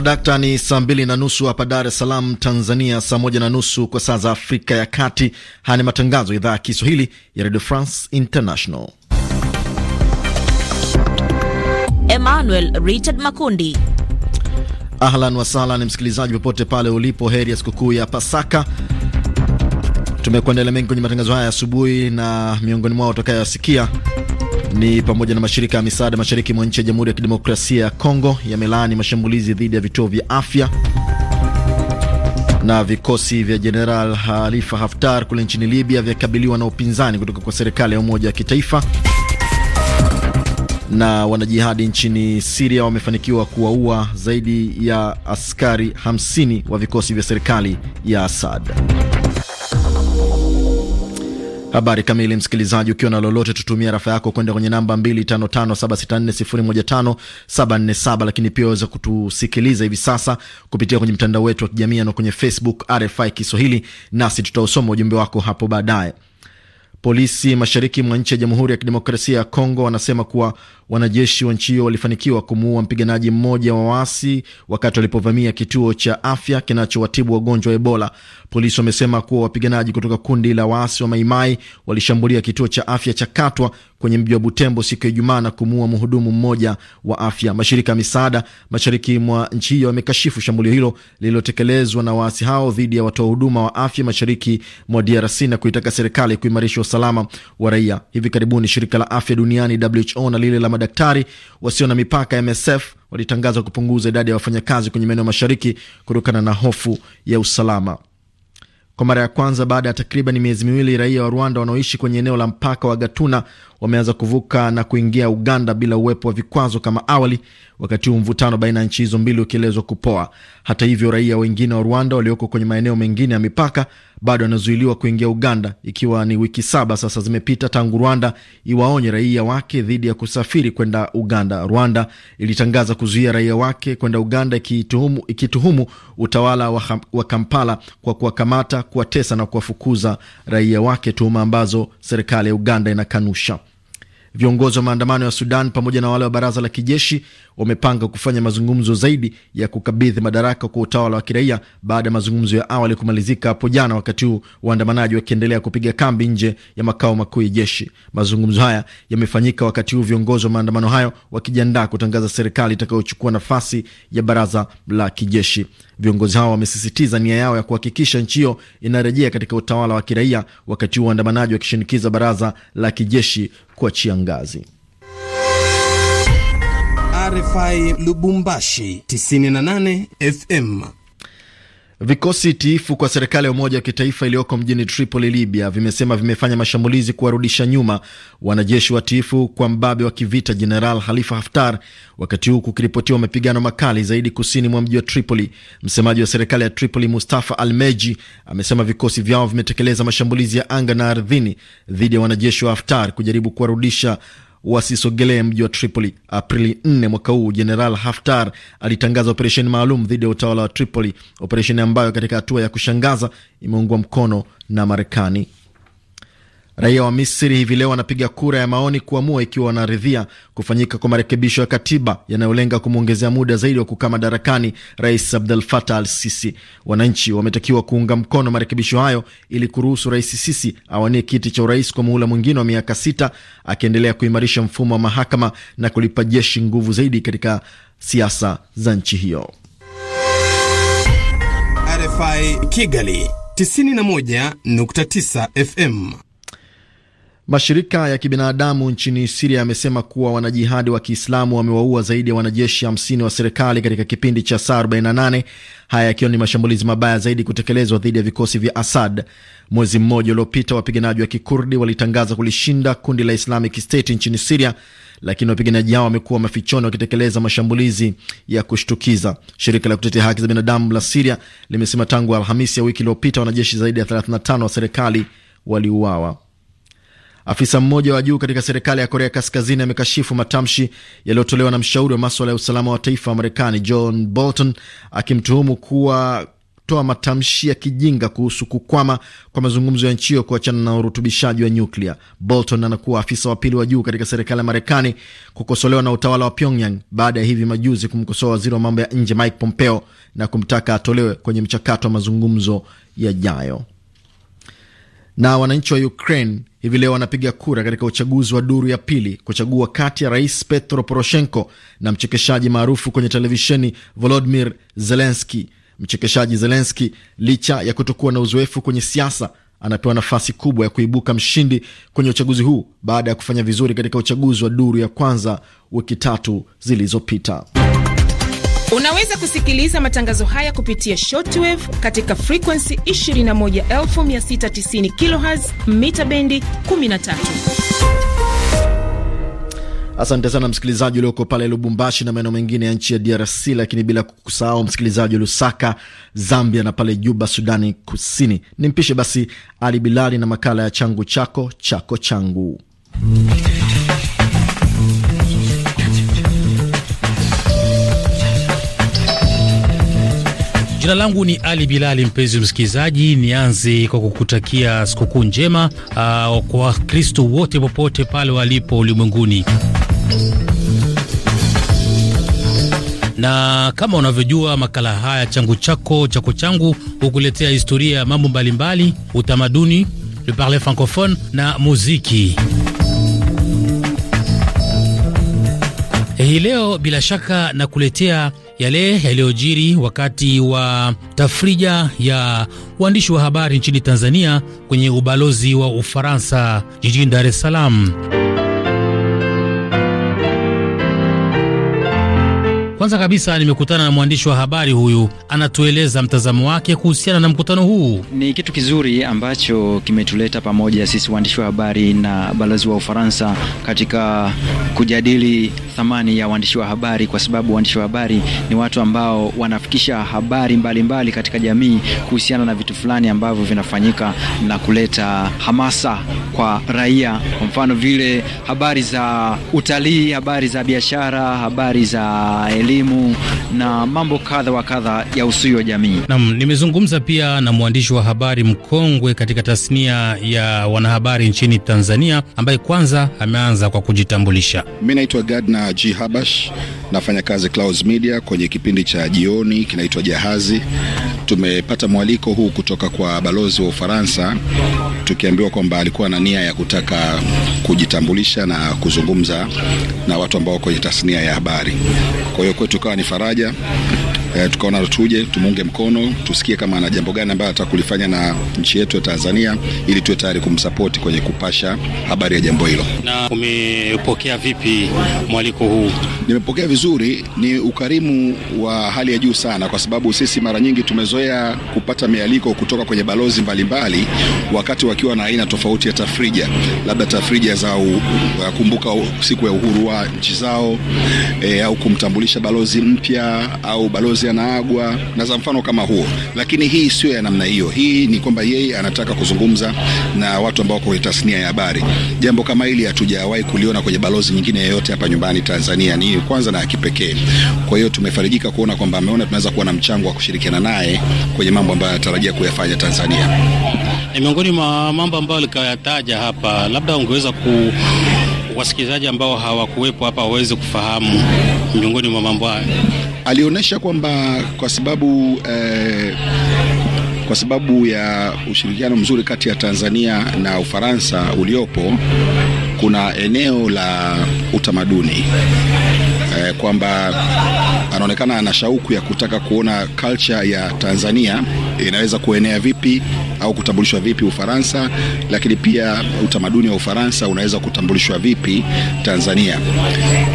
dakta, ni saa mbili na nusu hapa Dar es Salaam, Tanzania, saa moja na nusu kwa saa za Afrika ya Kati. Haya ni matangazo ya idhaa ya Kiswahili ya Radio France International. Emmanuel Richard Makundi. Ahlan wasahlan, msikilizaji popote pale ulipo, heri ya sikukuu ya Pasaka. Tumekuandalia mengi kwenye matangazo haya asubuhi, na miongoni mwao utakayoasikia ni pamoja na mashirika ya misaada mashariki mwa nchi ya Jamhuri ya Kidemokrasia ya Kongo yamelaani mashambulizi dhidi ya vituo vya afya na vikosi vya Jeneral halifa Haftar kule nchini Libya vyakabiliwa na upinzani kutoka kwa serikali ya umoja wa kitaifa. Na wanajihadi nchini Siria wamefanikiwa kuwaua zaidi ya askari 50 wa vikosi vya serikali ya asad Habari kamili, msikilizaji, ukiwa na lolote, tutumia rafa yako kwenda kwenye namba 255764015747, lakini pia waweza kutusikiliza hivi sasa kupitia kwenye mtandao wetu wa kijamii na kwenye Facebook RFI Kiswahili, nasi tutausoma ujumbe wako hapo baadaye. Polisi mashariki mwa nchi ya Jamhuri ya Kidemokrasia ya Kongo wanasema kuwa wanajeshi wa nchi hiyo walifanikiwa kumuua mpiganaji mmoja wa waasi wakati walipovamia kituo cha afya kinachowatibu wagonjwa wa Ebola. Polisi wamesema kuwa wapiganaji kutoka kundi la waasi wa Maimai walishambulia kituo cha afya cha Katwa kwenye mji wa Butembo siku ya Ijumaa na kumuua mhudumu mmoja wa afya. Mashirika ya misaada mashariki mwa nchi hiyo yamekashifu shambulio hilo lililotekelezwa na waasi hao dhidi ya watoa huduma wa afya mashariki mwa DRC na kuitaka serikali kuimarisha usalama wa raia. Hivi karibuni shirika la afya duniani WHO na lile la madaktari wasio na mipaka MSF walitangaza kupunguza idadi ya wafanyakazi kwenye maeneo mashariki kutokana na hofu ya usalama. Kwa mara ya kwanza baada ya takriban miezi miwili, raia wa Rwanda wanaoishi kwenye eneo la mpaka wa Gatuna wameanza kuvuka na kuingia Uganda bila uwepo wa vikwazo kama awali, wakati huu mvutano baina ya nchi hizo mbili ukielezwa kupoa. Hata hivyo, raia wengine wa Rwanda walioko kwenye maeneo mengine ya mipaka bado wanazuiliwa kuingia Uganda, ikiwa ni wiki saba sasa zimepita tangu Rwanda iwaonye raia wake dhidi ya kusafiri kwenda Uganda. Rwanda ilitangaza kuzuia raia wake kwenda Uganda, ikituhumu, ikituhumu utawala wa, wa Kampala kwa kuwakamata, kuwatesa na kuwafukuza raia wake, tuhuma ambazo serikali ya Uganda inakanusha. Viongozi wa maandamano ya Sudan pamoja na wale wa baraza la kijeshi wamepanga kufanya mazungumzo zaidi ya kukabidhi madaraka kwa utawala wa kiraia baada ya mazungumzo ya awali kumalizika hapo jana, wakati huu waandamanaji wakiendelea kupiga kambi nje ya makao makuu ya jeshi. Mazungumzo haya yamefanyika wakati huu viongozi wa maandamano hayo wakijiandaa kutangaza serikali itakayochukua nafasi ya baraza la kijeshi. Viongozi hao wamesisitiza nia yao ya kuhakikisha nchi hiyo inarejea katika utawala wa kiraia, wakati huu waandamanaji wakishinikiza baraza la kijeshi kuachia ngazi. RFI Lubumbashi 98 FM. Vikosi tiifu kwa serikali ya umoja wa kitaifa iliyoko mjini Tripoli, Libya, vimesema vimefanya mashambulizi kuwarudisha nyuma wanajeshi watiifu kwa mbabe wa kivita Jeneral Halifa Haftar, wakati huu kukiripotiwa mapigano makali zaidi kusini mwa mji wa Tripoli. Msemaji wa serikali ya Tripoli, Mustafa Al Meji, amesema vikosi vyao vimetekeleza mashambulizi ya anga na ardhini dhidi ya wanajeshi wa Haftar kujaribu kuwarudisha wasisogelee mji wa Tripoli. Aprili 4 mwaka huu, Jeneral Haftar alitangaza operesheni maalum dhidi ya utawala wa Tripoli, operesheni ambayo katika hatua ya kushangaza imeungwa mkono na Marekani. Raia wa Misri hivi leo wanapiga kura ya maoni kuamua ikiwa wanaridhia kufanyika kwa marekebisho ya katiba yanayolenga kumwongezea muda zaidi wa kukaa madarakani Rais Abdel Fattah al Sisi. Wananchi wametakiwa kuunga mkono marekebisho hayo ili kuruhusu Rais Sisi awanie kiti cha urais kwa muhula mwingine wa miaka sita, akiendelea kuimarisha mfumo wa mahakama na kulipa jeshi nguvu zaidi katika siasa za nchi hiyo. RFI Kigali 91.9 FM Mashirika ya kibinadamu nchini Siria yamesema kuwa wanajihadi wa Kiislamu wamewaua zaidi ya wanajeshi 50 wa serikali katika kipindi cha saa 48, haya yakiwa ni mashambulizi mabaya zaidi kutekelezwa dhidi ya vikosi vya Asad. Mwezi mmoja uliopita, wapiganaji wa Kikurdi walitangaza kulishinda kundi la Islamic State nchini Siria, lakini wapiganaji hao wamekuwa mafichoni wakitekeleza mashambulizi ya kushtukiza. Shirika la kutetea haki za binadamu la Siria limesema tangu Alhamisi ya wiki iliyopita wanajeshi zaidi ya 35 wa serikali waliuawa. Afisa mmoja wa juu katika serikali ya Korea Kaskazini amekashifu matamshi yaliyotolewa na mshauri wa maswala ya usalama wa taifa wa Marekani John Bolton akimtuhumu kuwa toa matamshi ya kijinga kuhusu kukwama kwa mazungumzo ya nchi hiyo kuachana na urutubishaji wa nyuklia. Bolton anakuwa afisa wa pili wa juu katika serikali ya Marekani kukosolewa na utawala wa Pyongyang baada ya hivi majuzi kumkosoa waziri wa mambo ya nje Mike Pompeo na kumtaka atolewe kwenye mchakato wa mazungumzo yajayo. Na wananchi wa Ukraine hivi leo anapiga kura katika uchaguzi wa duru ya pili kuchagua kati ya rais Petro Poroshenko na mchekeshaji maarufu kwenye televisheni Volodimir Zelenski. Mchekeshaji Zelenski, licha ya kutokuwa na uzoefu kwenye siasa, anapewa nafasi kubwa ya kuibuka mshindi kwenye uchaguzi huu baada ya kufanya vizuri katika uchaguzi wa duru ya kwanza wiki tatu zilizopita. Unaweza kusikiliza matangazo haya kupitia shortwave katika frequency 21690 kHz mita bendi 13. Asante sana msikilizaji ulioko pale Lubumbashi na maeneo mengine ya nchi ya DRC, lakini bila kukusahau msikilizaji Lusaka, Zambia na pale Juba, Sudani Kusini. Ni mpishe basi Ali Bilali na makala ya changu chako chako changu Jina langu ni Ali Bilali. Mpenzi msikilizaji, nianze kwa kukutakia sikukuu njema uh, kwa Wakristo wote popote pale walipo ulimwenguni na kama unavyojua makala haya changu chako chako changu hukuletea historia ya mambo mbalimbali, utamaduni, le parler francophone na muziki. Hii leo bila shaka nakuletea yale yaliyojiri wakati wa tafrija ya uandishi wa habari nchini Tanzania kwenye ubalozi wa Ufaransa jijini Dar es Salaam. Kwanza kabisa nimekutana na mwandishi wa habari huyu, anatueleza mtazamo wake kuhusiana na mkutano huu. Ni kitu kizuri ambacho kimetuleta pamoja sisi waandishi wa habari na balozi wa Ufaransa katika kujadili thamani ya waandishi wa habari, kwa sababu waandishi wa habari ni watu ambao wanafikisha habari mbalimbali mbali katika jamii kuhusiana na vitu fulani ambavyo vinafanyika na kuleta hamasa kwa raia, kwa mfano vile habari za utalii, habari za biashara, habari za elimu elimu na mambo kadha wa kadha ya usui wa jamii. Nam, nimezungumza pia na mwandishi wa habari mkongwe katika tasnia ya wanahabari nchini Tanzania ambaye kwanza ameanza kwa kujitambulisha. mi naitwa Gardner G Habash, nafanya kazi Clouds Media kwenye kipindi cha jioni kinaitwa Jahazi. Tumepata mwaliko huu kutoka kwa balozi wa Ufaransa tukiambiwa kwamba alikuwa na nia ya kutaka kujitambulisha na kuzungumza na watu ambao kwenye tasnia ya habari. Kwa hiyo kwetu ikawa ni faraja e, eh, tukaona tuje tumuunge mkono, tusikie kama ana jambo gani ambayo anataka kulifanya na nchi yetu ya Tanzania ili tuwe tayari kumsapoti kwenye kupasha habari ya jambo hilo. Na umepokea vipi mwaliko huu? Nimepokea vizuri, ni ukarimu wa hali ya juu sana, kwa sababu sisi mara nyingi tumezoea kupata mialiko kutoka kwenye balozi mbalimbali mbali, wakati wakiwa na aina tofauti ya tafrija, labda tafrija za kumbuka siku ya uhuru wa nchi zao e, au kumtambulisha balozi mpya au balozi yanaagwa na za mfano kama huo, lakini hii sio ya namna hiyo. Hii ni kwamba yeye anataka kuzungumza na watu ambao kwenye tasnia ya habari. Jambo kama hili hatujawahi kuliona kwenye balozi nyingine yoyote hapa nyumbani Tanzania, ni kwanza na kipekee. Kwa hiyo tumefarijika kuona kwamba ameona tunaweza kuwa na mchango wa kushirikiana naye kwenye mambo ambayo anatarajia kuyafanya Tanzania. Ni miongoni mwa mambo ambayo alikayataja hapa, labda ungeweza ku wasikilizaji ambao hawakuwepo hapa waweze kufahamu miongoni mwa mambo hayo. Alionyesha kwamba kwa sababu eh, kwa sababu ya ushirikiano mzuri kati ya Tanzania na Ufaransa uliopo kuna eneo la utamaduni e, kwamba anaonekana ana shauku ya kutaka kuona culture ya Tanzania inaweza kuenea vipi au kutambulishwa vipi Ufaransa, lakini pia utamaduni wa Ufaransa unaweza kutambulishwa vipi Tanzania.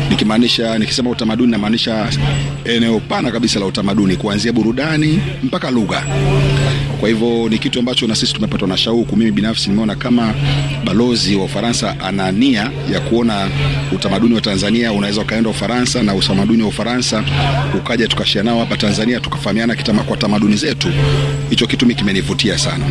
Nikimaanisha, nikisema utamaduni namaanisha eneo pana kabisa la utamaduni, kuanzia burudani mpaka lugha. Kwa hivyo ni kitu ambacho na sisi tumepatwa na shauku. Mimi binafsi nimeona kama balozi wa Ufaransa ana nia ya kuona utamaduni wa Tanzania unaweza ukaenda Ufaransa na utamaduni wa Ufaransa ukaja tukashia nao hapa Tanzania tukafahamiana kitama kwa tamaduni zetu. Hicho kitu mimi kimenivutia sana.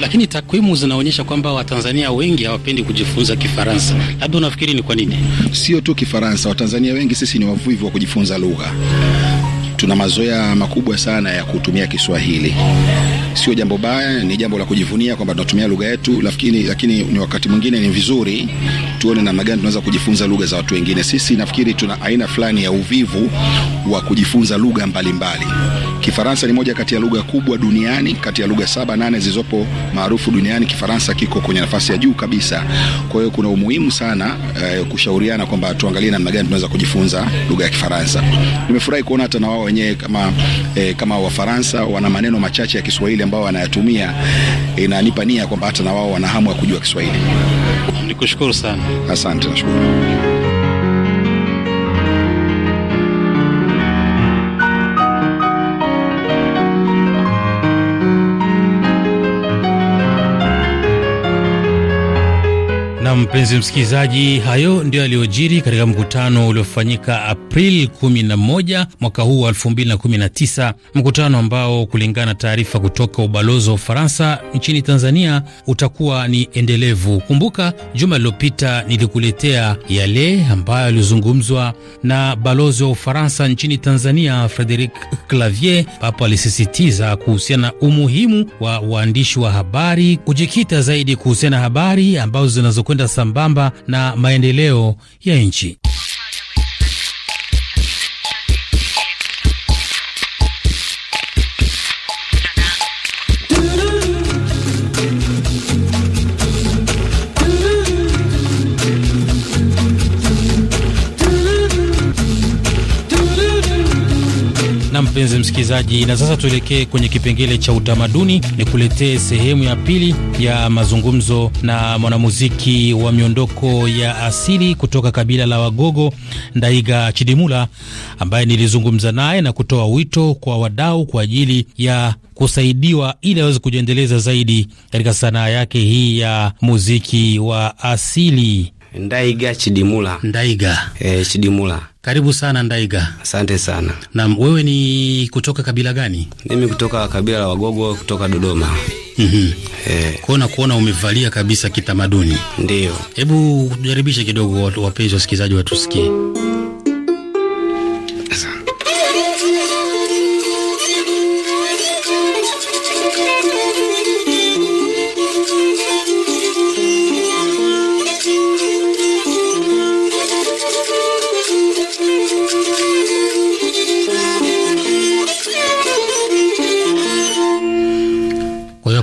Lakini takwimu zinaonyesha kwamba Watanzania wengi hawapendi kujifunza Kifaransa, labda unafikiri ni kwa nini? Sio tu Kifaransa, Watanzania wengi sisi ni wavivu wa kujifunza lugha tuna mazoea makubwa sana ya kutumia Kiswahili. Sio jambo baya, ni jambo la kujivunia kwamba tunatumia lugha yetu, lakini lakini ni wakati mwingine ni vizuri tuone namna gani tunaweza kujifunza lugha za watu wengine. Sisi nafikiri tuna aina fulani ya uvivu wa kujifunza lugha mbalimbali. Kifaransa ni moja kati ya lugha kubwa duniani, kati ya lugha saba nane zilizopo maarufu duniani. Kifaransa kiko kwenye nafasi ya juu kabisa. Kwa hiyo kuna umuhimu sana eh, kushauriana kwamba tuangalie namna gani tunaweza kujifunza lugha ya Kifaransa. Nimefurahi kuona hata na wao wenyewe kama, e, kama Wafaransa wana maneno machache ya Kiswahili ambayo wanayatumia, inanipa e, nia kwamba hata na wao wana hamu ya kujua Kiswahili. Nikushukuru sana, asante, nashukuru. Na mpenzi msikilizaji, hayo ndiyo yaliyojiri katika mkutano uliofanyika Aprili 11 mwaka huu wa 2019, mkutano ambao kulingana na taarifa kutoka ubalozi wa Ufaransa nchini Tanzania utakuwa ni endelevu. Kumbuka juma lililopita nilikuletea yale ambayo yalizungumzwa na balozi wa Ufaransa nchini Tanzania Frederic Clavier. Papo alisisitiza kuhusiana na umuhimu wa waandishi wa habari kujikita zaidi kuhusiana na habari ambazo zinazokwenda zinazokwenda sambamba na maendeleo ya nchi. mpenzi msikilizaji, na sasa tuelekee kwenye kipengele cha utamaduni, nikuletee sehemu ya pili ya mazungumzo na mwanamuziki wa miondoko ya asili kutoka kabila la Wagogo, Ndaiga Chidimula, ambaye nilizungumza naye na kutoa wito kwa wadau kwa ajili ya kusaidiwa ili aweze kujiendeleza zaidi katika sanaa yake hii ya muziki wa asili. Ndaiga Chidimula, Ndaiga e, Chidimula karibu sana Ndaiga. Asante sana. Naam, wewe ni kutoka kabila gani? Mimi kutoka kabila la Wagogo kutoka Dodoma. Mhm. Eh. Kuona kuona umevalia kabisa kitamaduni. Ndio. Hebu ujaribishe kidogo wapenzi wasikilizaji watusikie.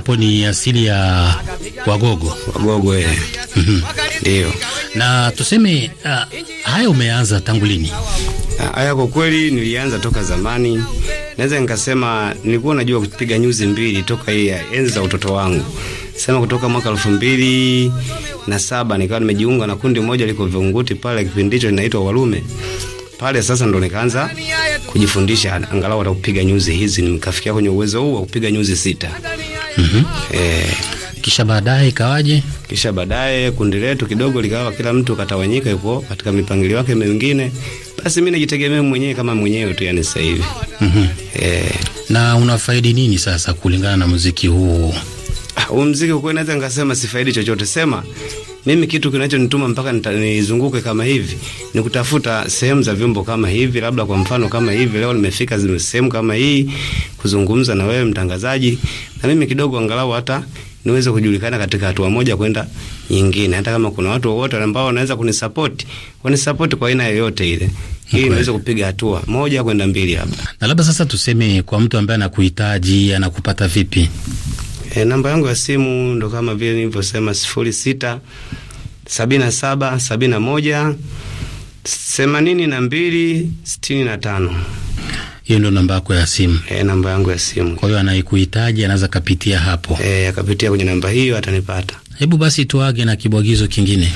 hapo ni asili ya Wagogo. Wagogo eh. Mhm. Ndio. Na tuseme uh, ah, haya umeanza tangu lini? Ah, haya kwa kweli nilianza toka zamani. Naweza nikasema nilikuwa najua kupiga nyuzi mbili toka hii enzi za utoto wangu. Sema kutoka mwaka elfu mbili na saba nikawa nimejiunga na kundi moja liko Vingunguti pale, kipindi hicho linaitwa Walume pale. Sasa ndo nikaanza kujifundisha angalau atakupiga nyuzi hizi, nikafikia kwenye uwezo huu wa kupiga nyuzi sita mm eh, kisha baadaye ikawaje? Kisha baadaye kundi letu kidogo likawa kila mtu katawanyika yupo katika mipangilio yake mingine, basi mimi najitegemea mwenyewe kama mwenyewe tu, yani sasa hivi mm -hmm. eh. Na unafaidi nini sasa kulingana na muziki huu? Ah, huu muziki ukweli, naweza nikasema sifaidi chochote, sema mimi kitu kinachonituma mpaka nizunguke kama hivi ni kutafuta sehemu za vyombo kama hivi, labda kwa mfano kama hivi leo nimefika sehemu kama hii kuzungumza na wewe mtangazaji, na mimi kidogo angalau hata niweze kujulikana katika hatua moja kwenda nyingine, hata kama kuna watu wowote ambao wanaweza kunisupport, wanisupport kwa aina yoyote ile, ili niweze kupiga hatua moja kwenda mbili hapa. Na labda sasa tuseme kwa mtu ambaye anakuhitaji anakupata vipi? E, namba yangu ya simu ndo kama vile nilivyosema sifuri sita sabini na saba sabini na moja themanini na mbili sitini na tano. Hiyo ndio namba yako ya simu? E, namba yangu ya simu. Kwa hiyo anaikuhitaji anaweza kapitia hapo? E, akapitia kwenye namba hiyo atanipata. Hebu basi tuage na kibwagizo kingine.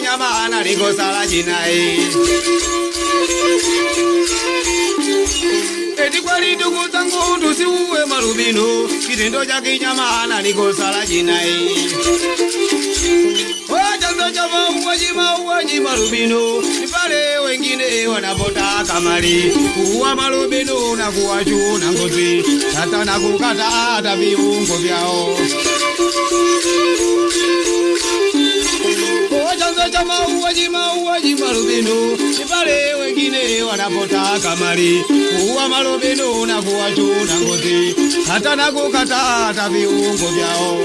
Kenya maana niko Sarajinai. Eti kweli ndugu zangu, tusiue marubino, kitendo cha kinyama na niko Sarajinai. Chanzo cha mauaji mauaji marubino ni wengine wanapotaka mali, kuua marubino na kuwachuna ngozi, hata na kukata hata viungo vyao. Acha mauaji mauaji marubino, ipale wengine wanapotaka mali, kuua marubino na kuwachuna ngozi, hata na kukata viungo vyao.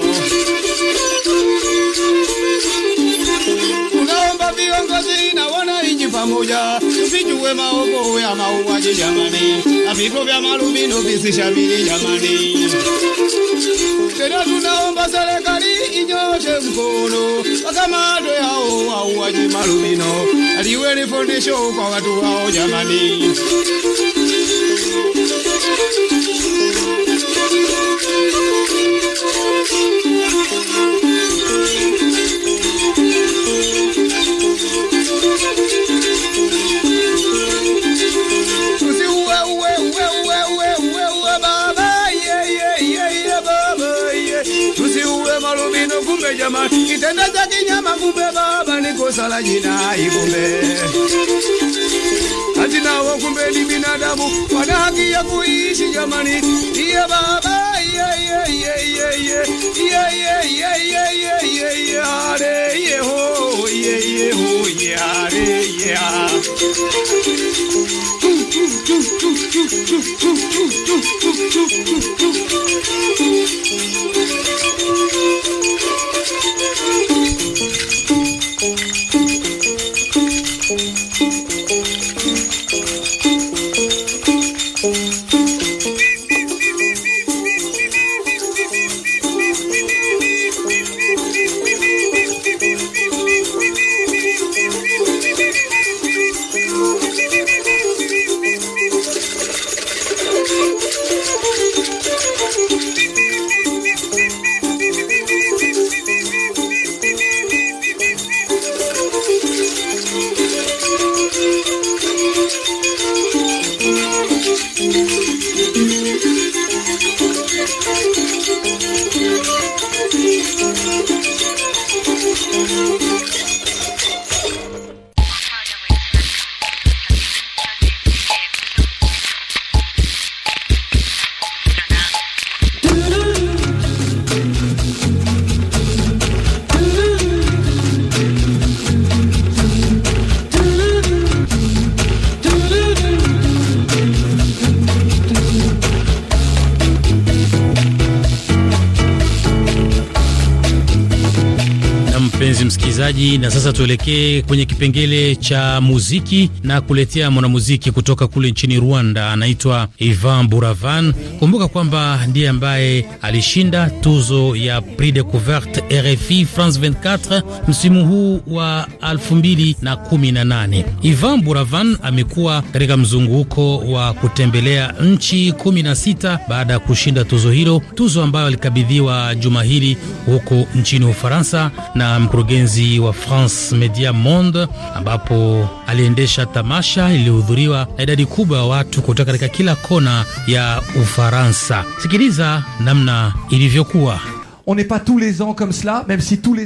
unaomba viongozi na wananchi pamoja, vijue maovu ya mauaji jamani, na vifo vya marubino visishamiri jamani. tena tunaomba serikali inyoshe mkono wasamato yao wauaji marumino aliwe ni kwa watu wao jamani Ebisolo bino kumbe jamani kitenda za kinyama kumbe baba nikosala jina kumbe ni binadamu wana haki ya kuishi jamani Iye baba msikilizaji, na sasa tuelekee kwenye kipengele cha muziki na kuletea mwanamuziki kutoka kule nchini Rwanda, anaitwa Ivan Buravan. Kumbuka kwamba ndiye ambaye alishinda tuzo ya Prix Decouverte RFI France 24 msimu huu wa 2018. Ivan Buravan amekuwa katika mzunguko wa kutembelea nchi 16 baada ya kushinda tuzo hilo, tuzo ambayo alikabidhiwa juma hili huko nchini Ufaransa na mkurugenzi wa France Media Monde, ambapo aliendesha tamasha iliyohudhuriwa na idadi kubwa ya watu kutoka katika kila kona ya Ufaransa. Sikiliza namna ilivyokuwa.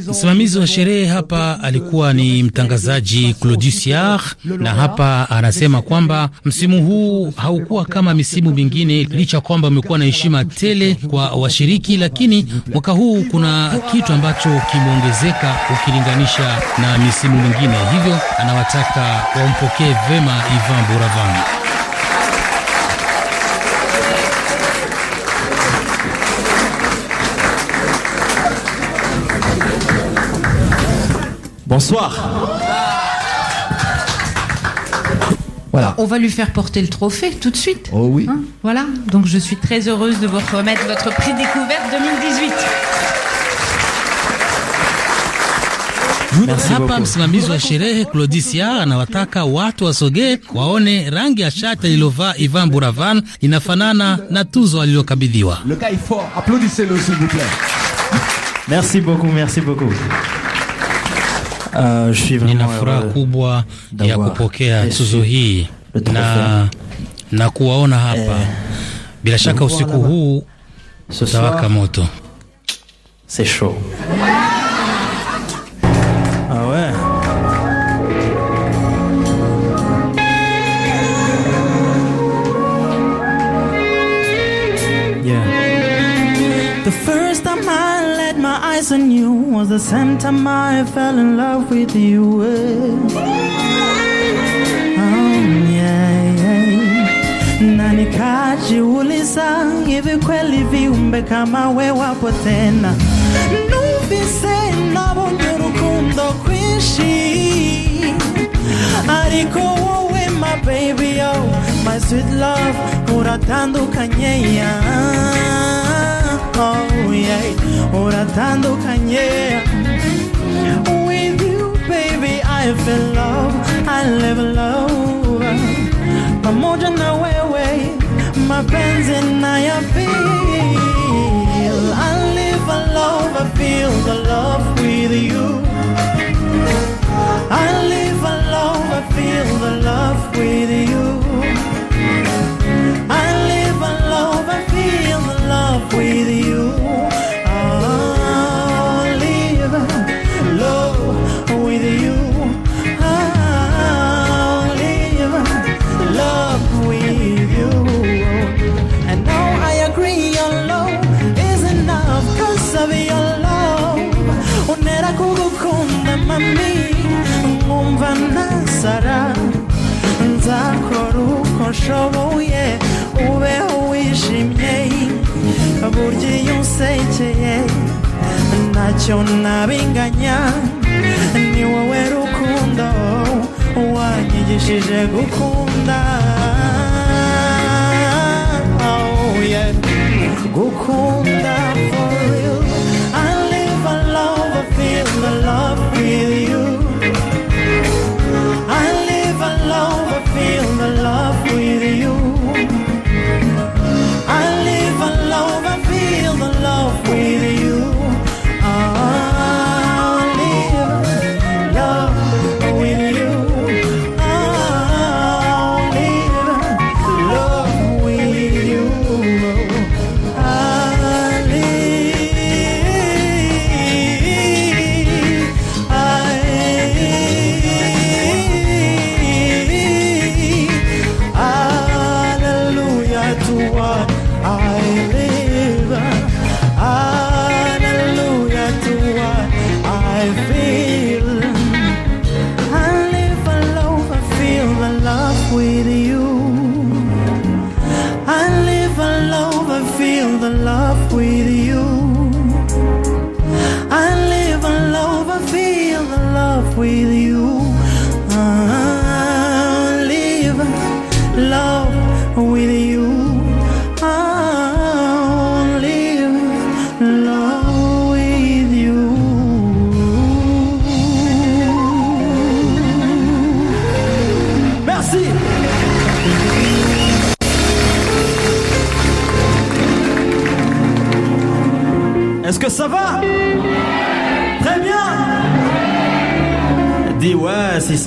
Msimamizi wa sherehe hapa alikuwa ni mtangazaji Claudusiar, na hapa anasema kwamba msimu huu haukuwa kama misimu mingine, licha kwamba umekuwa na heshima tele kwa washiriki, lakini mwaka huu kuna kitu ambacho kimeongezeka ukilinganisha na misimu mingine, hivyo anawataka wampokee vema Ivan Buravan. Bonsoir. Voilà. On va lui faire porter le trophée tout de suite. Oh oui. Hein, voilà. Donc je suis très heureuse de vous remettre votre prix découverte 2018. Merci beaucoup, merci beaucoup. Uh, nina furaha kubwa ya kupokea tuzo hii na, na kuwaona hapa eh, bila shaka usiku huu utawaka moto. nice and new was the same time I fell in love with you. Oh, yeah, yeah. Nanikaji uliza hivi kweli viumbe kama we wapo tena, numvise nabonye urukundo kwinshi ariko wowe my baby oh my sweet love uratandukanye yeah. oh yeah ora tandukanye with you baby I feel love I live love pamoja na wewe mapenzi na ya feel I live a love I feel the love with you I live a love I feel the love with you ushoboye ubeho wishimye burya iyo unsekeye ntacyo nabinganya ni wowe rukundo wanyigishije gukunda gukunda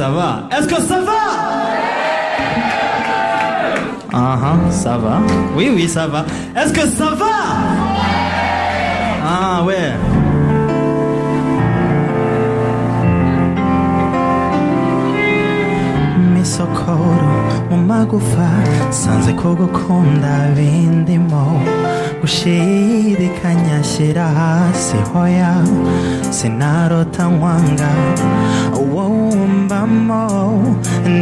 ça va Est-ce que ça va Ah uh -huh, ça va. Oui, oui, ça va. Est-ce que ça va Ah ouais. Socorro, Misokoro, umagufwa, sanze kugukunda bindimo. ushiri shira hasi hoya sinarota nkwanga uwo wumvamo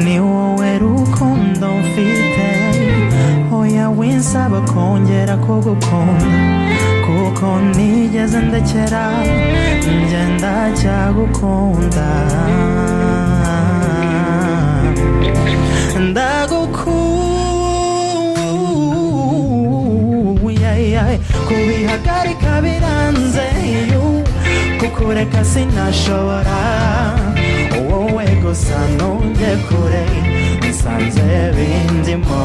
ni wowe rukundo mfite hoya winsaba kongera kugukunda kuko nigeze ndekera ngenda cyagukunda Kubihagari biranze kukureka sinashobora. nashobora wowe gusa ntunge kure nsanze bindimo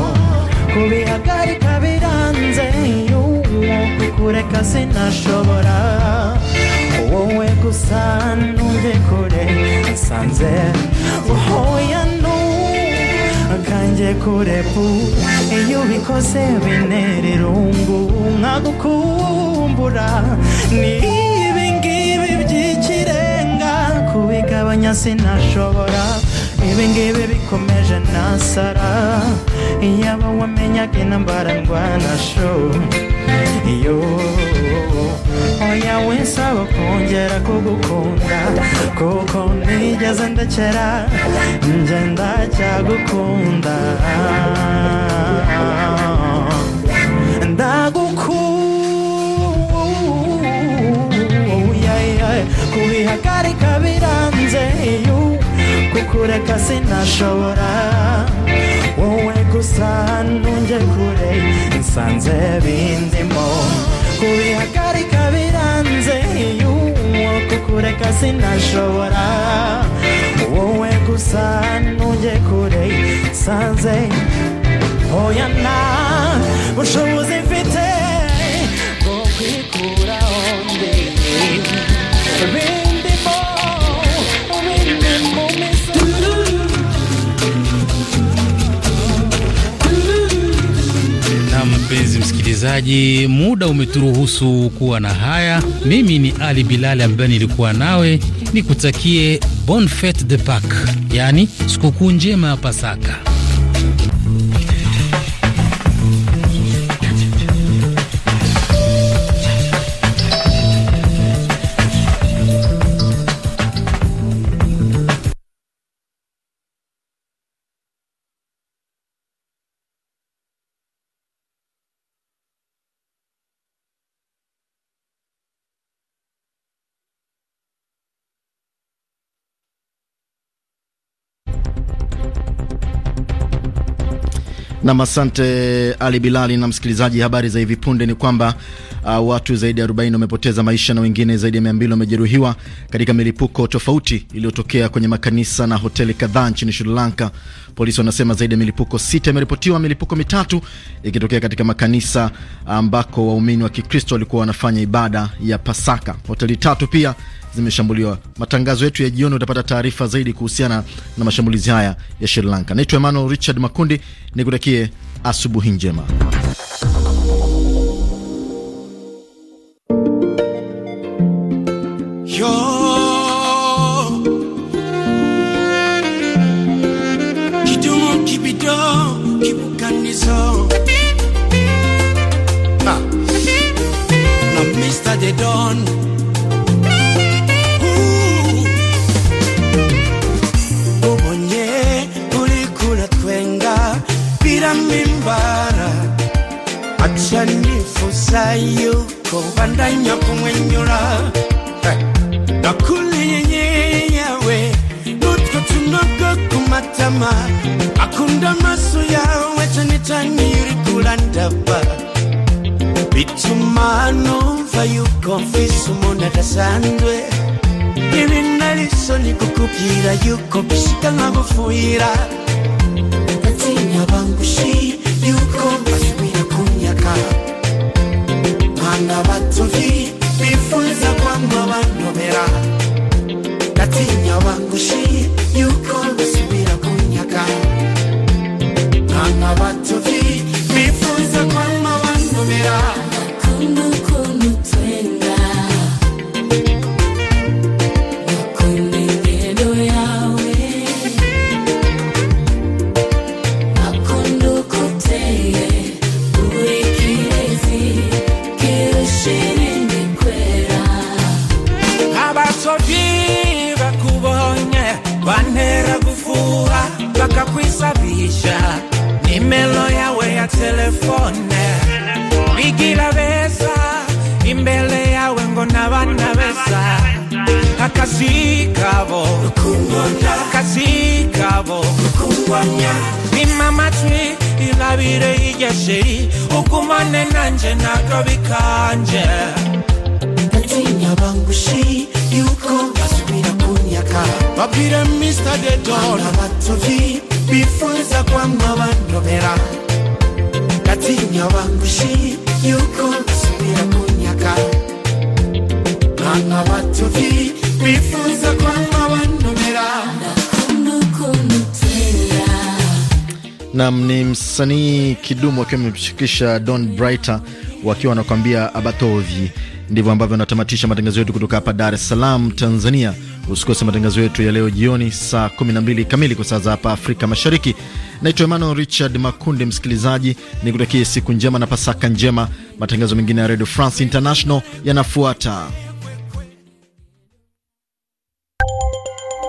kubihagarika biranze gukura kasi nashobora wowe gusa ntunge kure nsanze uje kurepu iyo ubikoze binerera ungu nkagukumbura ni ibi by'ikirenga kubigabanya sinashobora ibi ngibi bikomeje nasara yaba wamenyaga intambara ndwana sho yo oya winsaba kongera kugukunda kuko nigeze ndekera nje ndacyagukunda ndagukunda kubihagarika biranze kukureka sinashobora 산세 mo, Curihacari, Cabiranze E o Cucurecasi na chorá O Ecusan, o Yecurei, Sanze Oianá O Chamos Invitei Bocicura onde Bem msikilizaji, muda umeturuhusu kuwa na haya. Mimi ni Ali Bilali ambaye nilikuwa nawe, nikutakie bon fete de Pâques, yaani sikukuu njema ya Pasaka. Nam, asante Ali Bilali. Na msikilizaji, habari za hivi punde ni kwamba uh, watu zaidi ya 40 wamepoteza maisha na wengine zaidi ya 200 wamejeruhiwa katika milipuko tofauti iliyotokea kwenye makanisa na hoteli kadhaa nchini Sri Lanka. Polisi wanasema zaidi ya milipuko sita imeripotiwa, milipuko mitatu ikitokea katika makanisa ambako waumini wa Kikristo walikuwa wanafanya ibada ya Pasaka. Hoteli tatu pia zimeshambuliwa. Matangazo yetu ya jioni utapata taarifa zaidi kuhusiana na mashambulizi haya ya Sri Lanka. Naitwa Emmanuel Richard Makundi, nikutakie asubuhi njema. kusaayo kuba ndanya kumwenyura nakuliyenyeyawe nutwe tunogo ku matama akunda amaso yawe cyane cyane iyo uri kurandaba bituma numva yuko mfise umuntu adasanzwe ibi nariso ni yuko bishika nkagufuyira mima irabire y'igesheri ugumane nanje ntabwo bikanje yuko basubira kunyaga babwire mista dedon abatovi bifuza kwanga bandobera ndatinya yuko basubira kunyaga nanga batovi bifuza kwanga bandobera Nam ni msanii Kidumu akiwa amemshirikisha Don Brighter wakiwa wanakuambia Abatovi. Ndivyo ambavyo anatamatisha matangazo yetu kutoka hapa Dar es Salaam, Tanzania. Usikose matangazo yetu ya leo jioni saa 12 kamili kwa saa za hapa Afrika Mashariki. Naitwa Emmanuel Richard Makundi. Msikilizaji, ni kutakie siku njema na Pasaka njema. Matangazo mengine ya Radio France International yanafuata.